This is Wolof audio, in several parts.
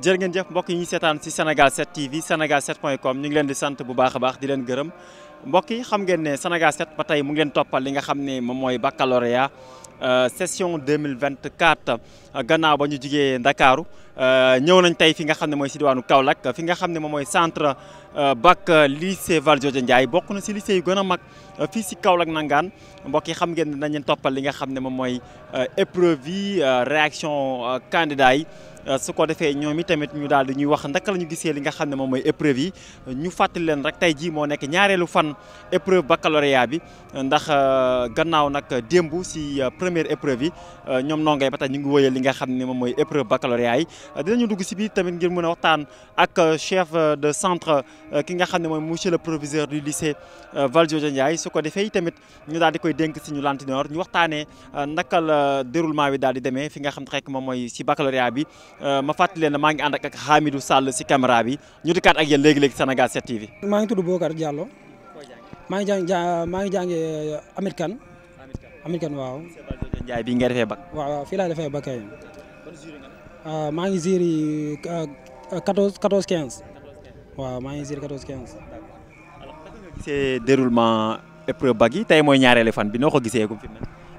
jërë ngeen jëf mbokk yi ñuy seetaan si Sénégal 7 TV Sénégal 7 point com ñu ngi leen di sant bu baax a baax di leen gërëm mbokk yi xam ngeen ne Sénégal 7 ba tey mu ngi euh, euh, euh, leen toppal li nga xam ne moom mooy baccalauréat session 2024 gannaaw ba ñu jugee Ndakaaru ñëw nañ tey fi nga xam ne mooy si diwaanu Kaolack fi nga xam ne moom mooy centre bac lycée Valdiodio Ndiaye bokk na si lycée yu gën a mag fii si Kaolack nangaan mbokk yi xam ngeen ne dañ leen toppal li nga xam ne moom mooy épreuve réaction candidat yi Euh, su ko defee ñoom i tamit ñu daal di ñuy wax ndaka la ñu gisee li nga xam ne moom mooy épreuve yi ñu fàttali leen rek tey jii moo nekk ñaareelu fan épreuve baccalauréat bi ndax euh, gannaaw nag démb si euh, première épreuve yi ñoom ndongo ba tey ñu ngi wëyal li nga xam ne moom mooy épreuve baccalauréat yi ñu dugg si biir tamit ngir mën a waxtaan ak chef de centre ki nga xam ne mooy monsieur le proviseur du lycée Valdiodio Ndiaye su ko defee tamit ñu daal di koy dénk si ñu lantinoor ñu waxtaanee naka la déroulement bi daal di demee fi nga xam moom mooy si baccalauréat bi Euh, ma fàttali leen maa ngi ànd ak Hamidou Sall si caméra bi ñu dikkaat ak yéen léegi-léegi Sénégal 7 TV. maa ngi tudd Bokar Diallo maa maa ngi jàngee Amith Kane. Amith Kane waaw. Ndiaye bii nga defee fii laa defee ah, maa ngi ziiri 14 14 15. waaw maa ngi ziiri 14 15. alors naka déroulement épreuve bac yi mooy ñaareelu fan bi noo ko gisee ku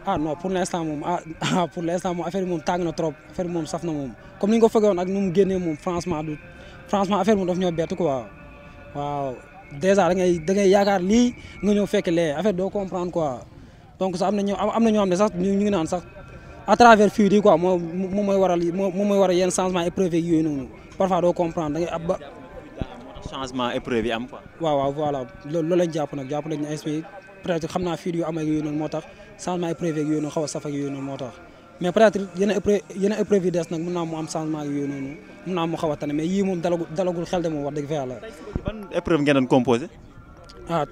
ah non pour l' instant moom ah, ah pour l' instant moom affaire bi moom tàng na trop affaire bi moom saf na moom comme ni nga ko fëggoon ak nu mu génnee moom franchement du franchement affaire moom daf ñoo bett quoi waaw dèjà da ngay da ngay yaakaar lii nga ñëw fekk lee affaire doo comprendre quoi donc sax am na ñoo am na ñoo xam ne sax ñu ngi naan sax à travers fuite yi quoi moo moom mooy waral moom mooy waral yenn changement épreuve yi yooyu noonu parfois doo comprendre da ngay ab ba. changement épreuve yi am quoi. waaw waaw voilà loolu loolu lañ jàpp nag jàpp nañ ne peut être xam naa fuite yu am ak yooyu noonu moo tax. changement épreuve yooyu noonu a moo tax mais peut-être épreuve yenn épreuve des nag mun naa mu am changement yooyu noonu mun naa mu xaw a tane mais yii moom dalagul xel de moom wax dëgg fa yàlla. Ah,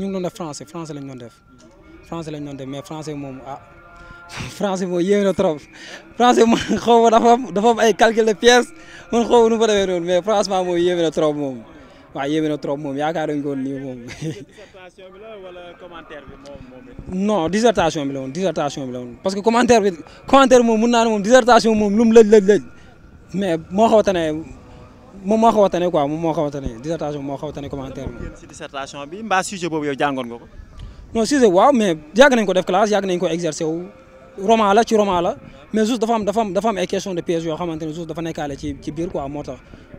ñu ngi def français français lañ doon def mais français moom ah français trop français moom xaw dafa am ay calcul de pièces man xaw nu fa demee noonu mais franchement moom yéeme na trop moom. waaw yéeme na trop moom yaakaaruñu ko woon nii moom. dissertation bi la wala bi dissertation bi la woon parce que commentaire bi commentaire moom mun naa ne moom dissertation moom lu mu lëj lëj mais moo xaw a moom moo xaw a tane moo xaw a tane dissertation moo xaw a tane commentaire bi. si dissertation bi mbaa sujet boobu yow jàngoon ko. non sujet waaw mais yàgg nañ ko def classe yàgg nañ ko exercer wu. roman la ci roman la mais juste dafa am dafa am dafa ne juste dafa nekkaale ci biir quoi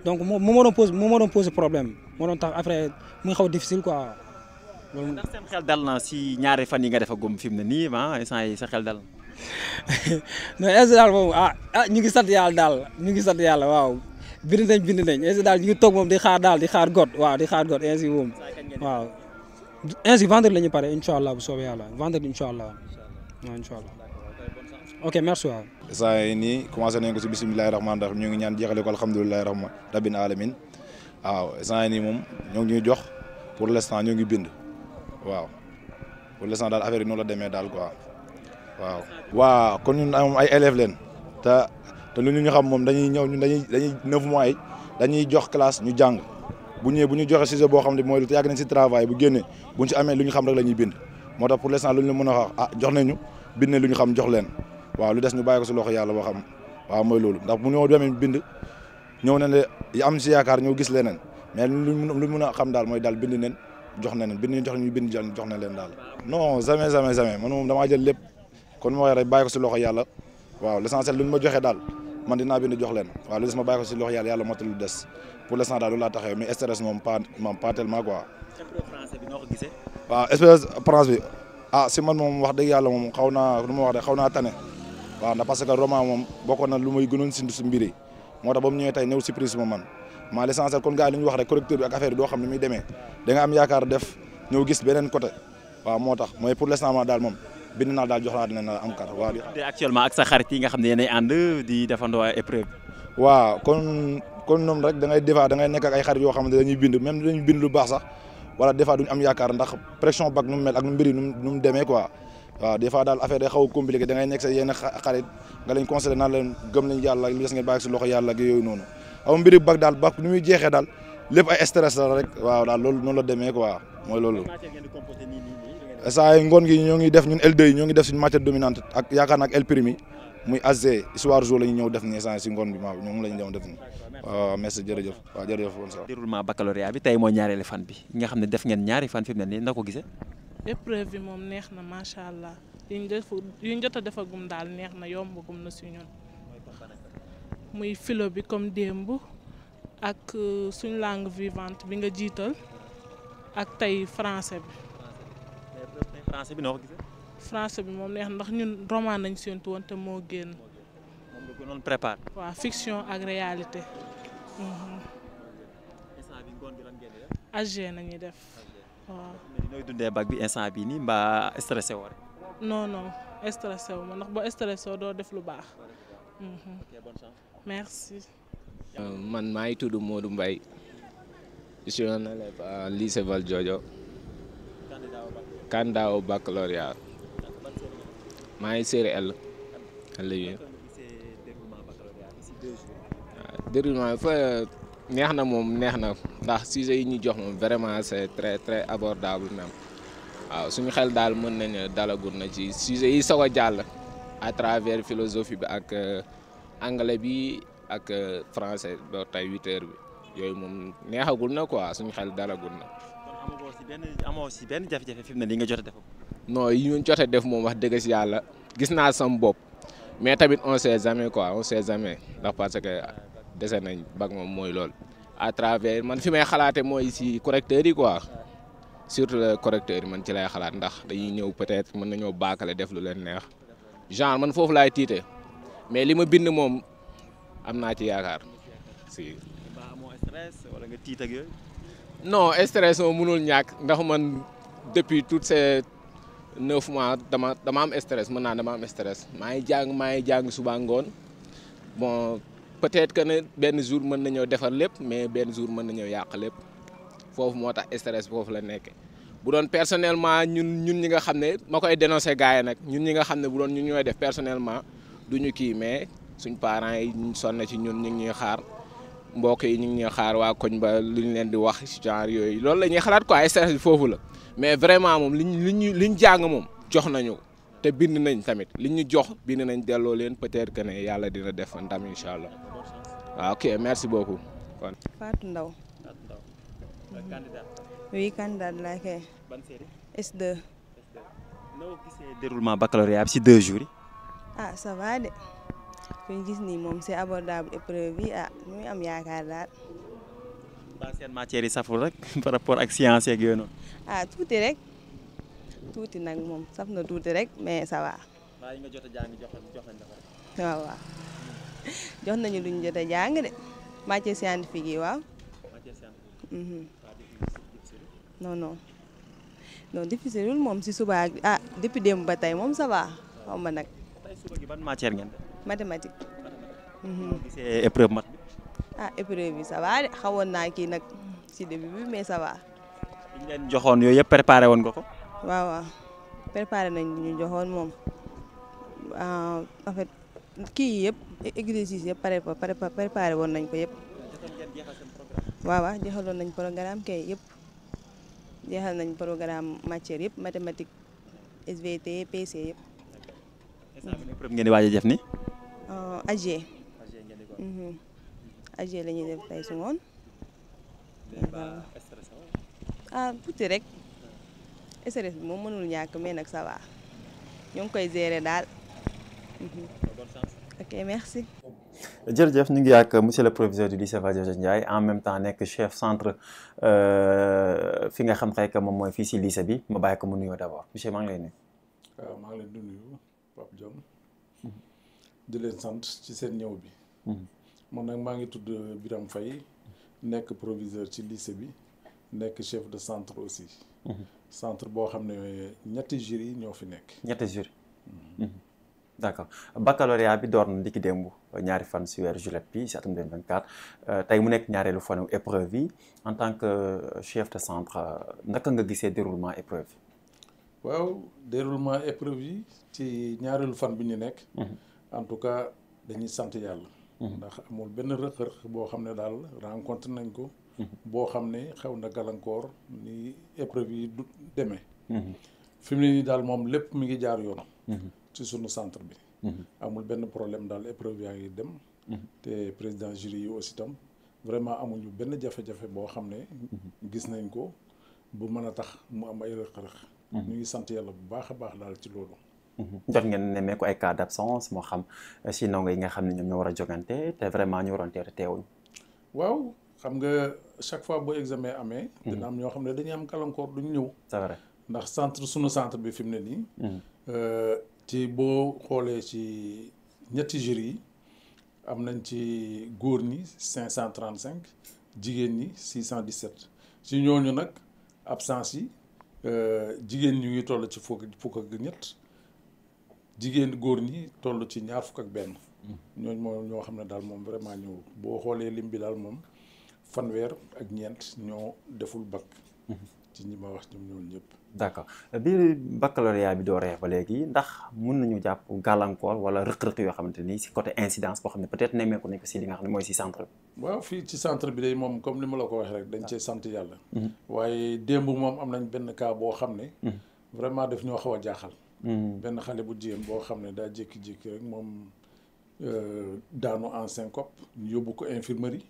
donc moom moo ma doon pose moo ma doon pose problème moo doon tax après muy xaw difficile quoi. loolu ndax seen xel dal na si ñaari fan yi nga defa gum fi mu ne nii ah instant yi sa xel dal na. non daal moom ah ah ñu ngi sant yàlla daal ñu ngi sant yàlla waaw. bind nañ bind nañ ainsi daal ñu ngi toog moom di xaar daal di xaar got waaw di xaar got ainsi moom waaw ainsi vendredi la ñu pare incha allah bu soobee yàlla vendredi incha allah waaw incha allah. ok merci waaw. saa nii commencé nañ ko si bisimilahi rahmaani ñu ngi ñaan jeexale ko alhamdulilahi rahma rabbil alamin waaw saa yi nii moom ñoo ngi ñuy jox pour l' instant ñu ngi bind waaw pour l' instant daal affaire yi la demee daal quoi waaw. waaw kon ñun am ay élèves leen te te lu ñu xam moom dañuy ñëw ñun dañuy dañuy neuf mois yi dañuy jox classe ñu jàng bu ñëwee bu ñu joxe sujet boo xam ne mooy lu yàgg si travail bu génnee bu ñu si ñu xam rek la ñuy bind moo tax pour l' instant lu ñu la mën a wax ah jox nañu bind lu ñu xam jox leen. waaw lu des nu bàyyi ko si loxo yàlla boo xam waaw mooy loolu ndax bu ñoo demee bind ñëw na ne am yaakaar ñëw gis leneen mais luñ mën a xam daal mooy daal bind neen jox na leen bind jox ñu bind jox na leen daal non jamais jamais jamais man moom damaa jël lépp kon moo yore bàyyi ko loxo yàlla waaw l'essentiel lu ñu ma joxee daal man dinaa bind jox leen waaw lu des ma bàyyi ko si loxo yàlla yàlla motal lu des pour l'instant daal loolu laa taxawee mais stress moom pas moom pas espèce France bi ah si man moom wax dëgg yàlla moom xaw naa lu ma wax de xaw naa tane. waaw ndax parce que Roma moom bokkoon na lu may gënoon si su mbir yi moo tax ba mu ñëwee tey ñëw surprise ma man maa l'essentiel kon gars yi li wax rek correcteur bi ak affaire doo xam ne muy demee gis beneen côté waaw moo tax mooy pour l'instant daal moom bind naa daal jox naa dina na am kar waaw actuellement ak sa xarit yi nga xam ne yéenay ànd di defandoo épreuve waaw kon kon rek da ngay des fois da ngay nekk ay xarit yoo xam ne dañuy bind même dañuy bind lu baax sax wala des fois duñu am yaakaar ndax pression bak nu mu mel ak nu mbiri nu mu demee quoi waaw des fois daal affaire day xaw a compliqué da ngay nekk sa yenn xarit nga leen conseillé naan leen gëm nañ yàlla li des ngeen bàyyi si loxo yàlla daal bag ni muy jeexee daal waaw daal loolu noonu la demee quoi mooy loolu saa yi ngoon gi ñoo ngi def ñun L2 yi ñoo ngi def suñu matière dominante ak yaakaar naa ak L prime yi muy AG soir jour la ñu ñëw def nii saa si ngoon bi maa ñoom la ñu ñëw def nii waaw merci jërëjëf waaw jërëjëf. déroulement baccalauréat bi tey mooy fan bi nga xam ne def ngeen ñaari fan fi mu na ko épreuve yi moom neex na macha allah yuñ def yuñ jot a defagum daal neex na yombagum na su ñun. muy philo bi comme démb ak euh, suñ langue vivante bi nga jiital ak tey français bi. français bi noo bi moom neex ndax ñun roman nañ séntu woon te moo génn. moom la gënoon préparé. waaw fiction ak réalité. instant bi def. waaw. nooy dundee bac bi instant bii nii mbaa stressé woo rek. non non ndax boo stressé doo def lu baax. Mhm. merci. Euh, man maa ngi tudd Modou Mbaye. je suis un élève à lycée Valdiodio. candidat au baccalauréat. ngi série L. fa neex na moom neex na. ndax sujet yi ñu jox moom vraiment c'est très très abordable même waaw suñu xel daal mën nañu dalagul na ci sujet yi soog a jàll à travers philosophie bi ak euh, anglais bi ak euh, français ba tey huit bi yooyu moom neexagul na quoi suñu xel dalagul na. amoo si benn amoo si benn jafe-jafe fi li nga jot a def. non ñu jot def moom wax dëgg si yàlla gis naa sam bopp mais tamit on sait jamais quoi on sait jamais ndax parce que dese nañ bag moom mooy lool. à travers man fi may xalaate mooy si correcteur yi quoi surtout le correcteur yi man ci lay xalaat ndax dañuy ñëw peut-être mën nañoo baakale def lu leen neex genre man foofu laay tiite mais li ma bind moom am naa ci yaakaar si. tiit ak yooyu. non stress moom mënul ñàkk ndax man depuis tout ces neuf mois dama dama am stress mën naa dama am stress maa ngi jàng maa ngi jàng suba ngoon peut-être que ne benn jour mën na ñëw defar lépp mais benn jour mën na ñëw yàq lépp foofu moo tax stress foofu la nekk bu doon personnellement ñun ñun ñi nga xam ne ma koy dénoncer gars yi nag ñun ñi nga xam ne bu doon ñun ñooy def personnellement du ñu kii mais suñ parents yi ñu sonn ci ñun ñu ngi ñuy xaar mbokk yi ñu ngi ñuy xaar waa koñ ba lu ñu leen di wax genre yooyu loolu la ñuy xalaat quoi stress foofu la mais vraiment moom liñ liñ ñu jàng moom jox nañu te bind nañ tamit li ñu jox bind nañ delloo leen peut-être ne yàlla dina def ndam incha allah ah, ok merci beaucoup. Fatou Ndaw. Fatou Ndaw. candidat. laa kay. E. ban série. déroulement baccalauréat ci deux jours yi. ah ça de fi ñu gis ni moom c'est abordable épreuve ah ñu am yaakaar daal. mbaa seen yi saful rek par rapport ak science yeeg yooyu ah tuuti rek. tuuti nag moom saf na tuuti rek mais ça jot a jàng jox waaw jox nañu luñ jot a jàng de matière scientifique yi waaw. matière mhm. non non non moom si subaa ah depuis démb ba tey moom ça xaw ma nag. tey suba gi matière ngeen mathématique. Mhm. épreuve mat bi. ah épreuve bi ça va de xawoon naa kii nag si début bi mais ça va. leen joxoon yooyu yëpp préparé woon nga ko. waaw waaw préparé nañ ñu joxoon moom ah, en fait kii yëpp église yëpp pare préparé woon nañ ko yëpp. waaw waaw jeexaloon nañ programme kay yëpp jeexal nañ programme matière yëpp mathématique SVT PC yëpp. ngeen di waaj a def ni AG. Ah, mhm. AG la ñuy def tey su ngoon ah tuuti rek. stress bi moom mënul ñàkk mais nag sa va ñoo ngi koy gérer daal. ok merci. jërëjëf ñu ngi ak monsieur le proviseur du lycée Valdiodio Ndiaye en même temps nekk chef centre euh, fi nga xam xëy moom mooy fii si lycée bi ma bàyyi ko mu nuyoo d' abord monsieur maa ngi nuyu. waaw euh, maa leen di nuyu Pape Diom ci seen ñëw bi. man nag maa ngi tudd Birame Faye nekk proviseur ci lycée bi nekk chef de centre aussi. centre boo xam ne ñetti jury ñoo fi nekk. ñetti jury. Mm-hmm. Mm-hmm. d' accord baccalauréat bi door na ndiki démb ñaari fan si weeru juillet bi si atum euh, tey mu nekk ñaareelu fanu épreuve yi en tant que euh, chef de centre euh, naka nga gisee déroulement épreuve yi. waaw déroulement épreuve yi ci ñaareelu fan bi ñu nekk. Mm-hmm. en tout cas dañuy sant yàlla. ndax amul benn rëq-rëq boo xam ne daal rencontre nañ ko. Mhm. boo xam ne xew na gàllankoor ni épreuve yi du demee mhm. fi mu ne nii daal moom lépp mu ngi jaar yoon mhm. ci sunu centre bi amul benn problème daal épreuve yaa ngi dem te président jury yi aussi tam vraiment amuñu benn jafe-jafe boo xam ne gis nañ ko bu mën a tax mu am ay rëq-rëq ñu ngi sant yàlla bu baax a baax daal ci loolu jot ngeen nemmee ko ay cas d'absence moo xam si ndongo yi nga xam ne ñoom ñoo war a jogante te vraiment ñu waroon teer teewuñ xam nga chaque fois boo examen amee. Mhm. dina am ñoo xam ne dañuy am kalankoor duñ ñëw. c'est ndax centre suñu centre bi fi ne nii. Mhm. Euh, ci boo xoolee ci ñetti jury yi am nañ ci góor ñi cinq cent trente jigéen ñi six cent dix ñooñu nag absence yi euh, jigéen ñu ngi toll ci fukk ak ñett jigéen góor ñi toll ci ñaar fukk ak benn. Mhm. ñooñu moo ñoo xam ne daal moom vraiment ñëw boo xoolee lim bi daal moom. fanweer ak ñeent ñoo deful bac. Mhm. ci ñu ma wax ñoom ñoom ñëpp. d'accord bi baccalauréat bi dooree ba léegi ndax mun nañu jàpp gàllankoor wala rëq-rëq yoo xamante ni si côté incidence boo xam ne peut-être nemmeeku nañ ko si xam ne mooy si centre bi. waaw fii ci centre bi de moom comme ni ma la ko waxee rek dañ cee ah. sant yàlla. Mhm. waaye démb moom am nañ benn kaa boo xam ne. Mhm. vraiment daf ñoo xaw a jaaxal. benn xale bu jigéen boo xam ne daa jékki-jékki rek moom euh, daanu en syncope ñu yóbbu ko infirmerie.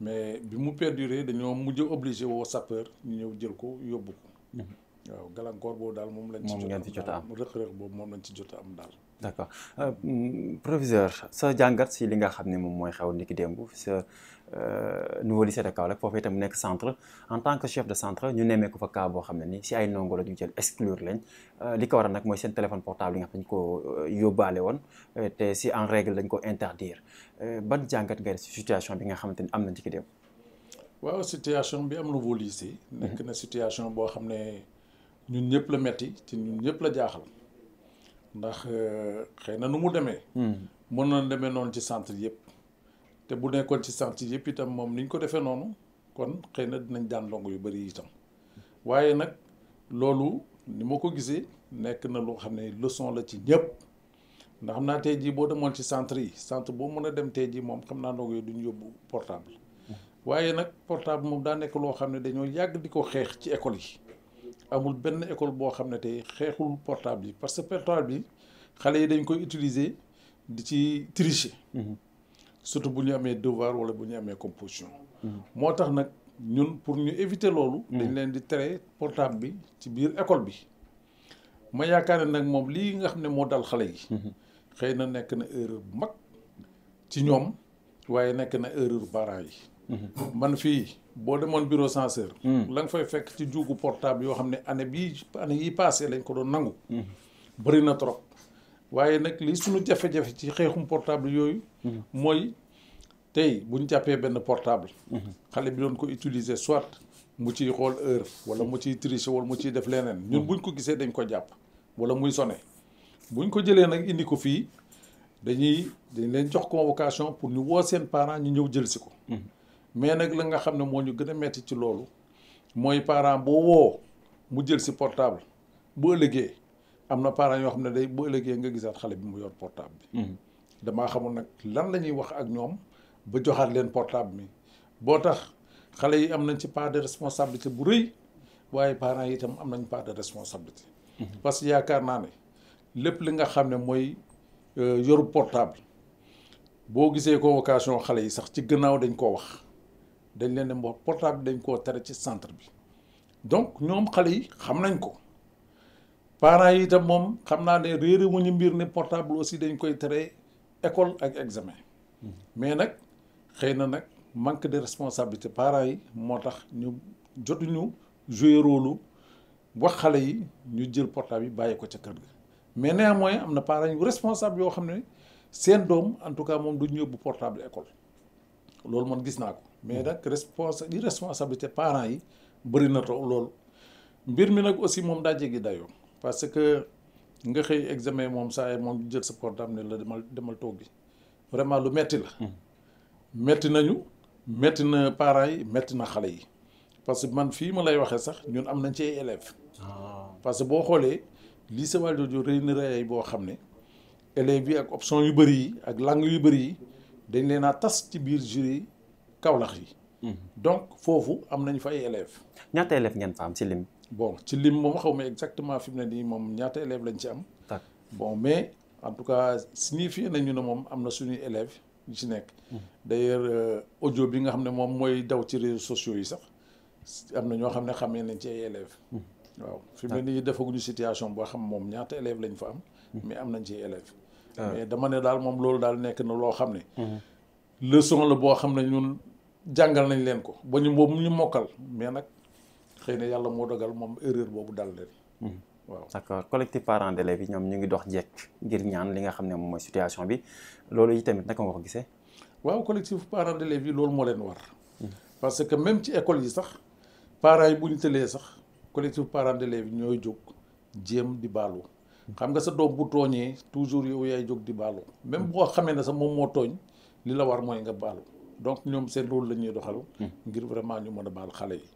mais bi mu perdurer dañoo mujj obligé woo sapeur ñu ñëw jël ko yóbbu ko. Mhm. waaw gàllankoor boobu daal moom lañ. moom ngeen ci jot am rëq-rëq boobu moom lañ ci jot am daal. d' accord euh, proviseur sa jàngat si li nga xam ne moom mooy xew niki démb sa Euh, nouveau lycée de Kaolack foofu itam nekk centre en tant que chef de centre ñu nemmeeku fa cas boo xam ne nii si ay ndongo la ñu jël exclure lañ euh, li ko waral nag mooy seen téléphone portable yi nga euh, yóbbaale woon te si en règle dañ ko interdire ban jàngat nga si situation bi nga xamante ni am na ci ki dem waaw situation bi am nouveau lycée mhm. situation boo xam ne ñun ñëpp la metti te ñun la jaaxal ndax xëy na nu mu demee mhm. mën na demee noonu ci centre yëpp te bu nekkoon ci centre yëpp itam moom ni ñu ko defee noonu kon xëy na dinañ daan longu yu bëri itam waaye nag loolu ni ma ko gisee nekk na loo xam ne leçon la ci ñëpp ndax xam naa tey jii boo demoon ci centre yi centre boo mën a dem tey ji moom xam naa ndongo du ñu yóbbu portable waaye nag portable moom daa nekk loo xam ne dañoo yàgg di ko xeex ci école yi amul benn école boo xam ne te xeexul portable yi parce que portable yi xale yi dañ koy utiliser di ci tricher mhm. surtout bu ñu amee devoir wala bu ñu amee composition. moo tax nag ñun pour ñu éviter loolu. dañ leen di tere portable bi ci biir école bi. ma yaakaar ne nag moom lii nga xam ne moo dal xale yi. xëy na nekk na erreur bu mag ci ñoom waaye nekk na erreur bara yi. man fii boo demoon bureau sanceur mm. la nga fay fekk ci jugu portable yoo xam ne année bii année yii passé lañ ko doon nangu. bëri na trop. waaye nag li suñu jafe-jafe ci xeexum portable yooyu mhm. mooy tey buñ jàppee benn portable mhm. xale bi doon ko utiliser soit mu ciy xool heure wala mu ciy tricher wala mu ciy def leneen ñun mhm. buñ ko gisee dañ ko jàpp wala muy sone buñ ko jëlee nag indi ko fii dañuy dañ leen jox convocation pour ñu woo seen parent ñu ñëw jël si ko mais nag la nga xam ne moo ñu gën a metti ci loolu mooy parent boo woo mu jël si portable bu ëllëgee am na parent yoo xam ne day bu ëllëgee nga gisaat xale bi mu yor portable bi. Hmm. damaa xamul nag lan la ñuy wax ak ñoom ba joxaat leen portable mi boo tax xale yi am nañ ci part de responsabilité bu rëy waaye parents yi itam am nañ part de responsabilité. Hmm. parce que yaakaar naa ne lépp li nga xam ne mooy euh, yoru portable boo gisee convocation xale yi sax ci gannaaw dañ koo wax dañ leen ne portable dañ koo tere ci centre bi donc ñoom xale yi xam nañ ko. parent yi itam moom xam naa ne réere wu ñu mbir ne portable aussi dañ koy tere école ak examen mais nag xëy na nag manque de responsabilité parents yi moo tax ñu jotuñu jouer rôle wax xale yi ñu jël portable yi bàyyi ko ca kër ga mais néanmoins am na parents yu responsable yoo xam ne seen doom en tout cas moom du ñu yóbbu portable école loolu man gis naa ko mais nag responsa irresponsabilité parents yi bëri na to loolu mbir mi nag aussi moom daa jéggi dayoo parce que nga xëy examen moom saa moom jël sa portable ne la demal demal toggi vraiment lu metti la hmm. metti nañu metti na parents yi metti na xale yi parce que man fii ma lay waxee sax ñun am nañ ci ay élèves ah. parce que boo xoolee lycée Valdiodio rëy na rëyaay boo xam ne élèves yi ak option yu bëri yi ak langue yu bëri yi dañ leen a tas ci biir jury Kaolack yi hmm. donc foofu am nañu fa ay élèves ñaata élèves ngeen si lim bon ci lim moom xaw ma exactement fi mu ne nii moom ñaata élèves lañ ci am. bon mais en tout cas signifié nañu ne moom am na suñuy élèves yu ci nekk. Hmm. d'ailleurs ojo euh, bi nga xam ne moom mooy daw ci réseaux sociaux yi sax am na ñoo xam ne xamee nañ ci ay élèves. Hmm. waaw fi mu ne nii defaguñu situation boo xam moom ñaata élèves lañ fa am. Hmm. mais am nañ ci élèves. Ah. mais dama ne daal moom loolu daal nekk na loo xam ne. leçon la boo xam ne ñun jàngal nañ leen ko ba ñu boobu ñu mokkal mais nag. xëy na yàlla moo dogal moom erreur boobu dal leen hmm. waaw d'accord collectif parents d'élèves yi ñoom ñu ngi dox jekk ngir ñaan li nga xam ne moom mooy situation bi loolu yi tamit naka nga ko gisee waaw collectif parents d'élèves yi loolu moo leen war hmm. parce que même ci école yi sax parents yi bu ñu tëlee sax collectif parents d'élèves yi ñooy jóg jéem di baalu hmm. xam nga sa doom bu tooñee toujours yow yaay jóg di baalo même boo xamee ne sax moom moo tooñ li la war mooy nga baalu donc ñoom seen rôle la ñuy doxal ngir vraiment ñu mën a baal xale yi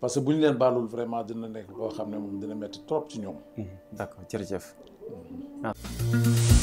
parce que bu ñu leen baalul vraiment dina nekk loo xam ne moom dina metti trop ci ñoom. d'accord jërëjëf. Mm-hmm. Ah.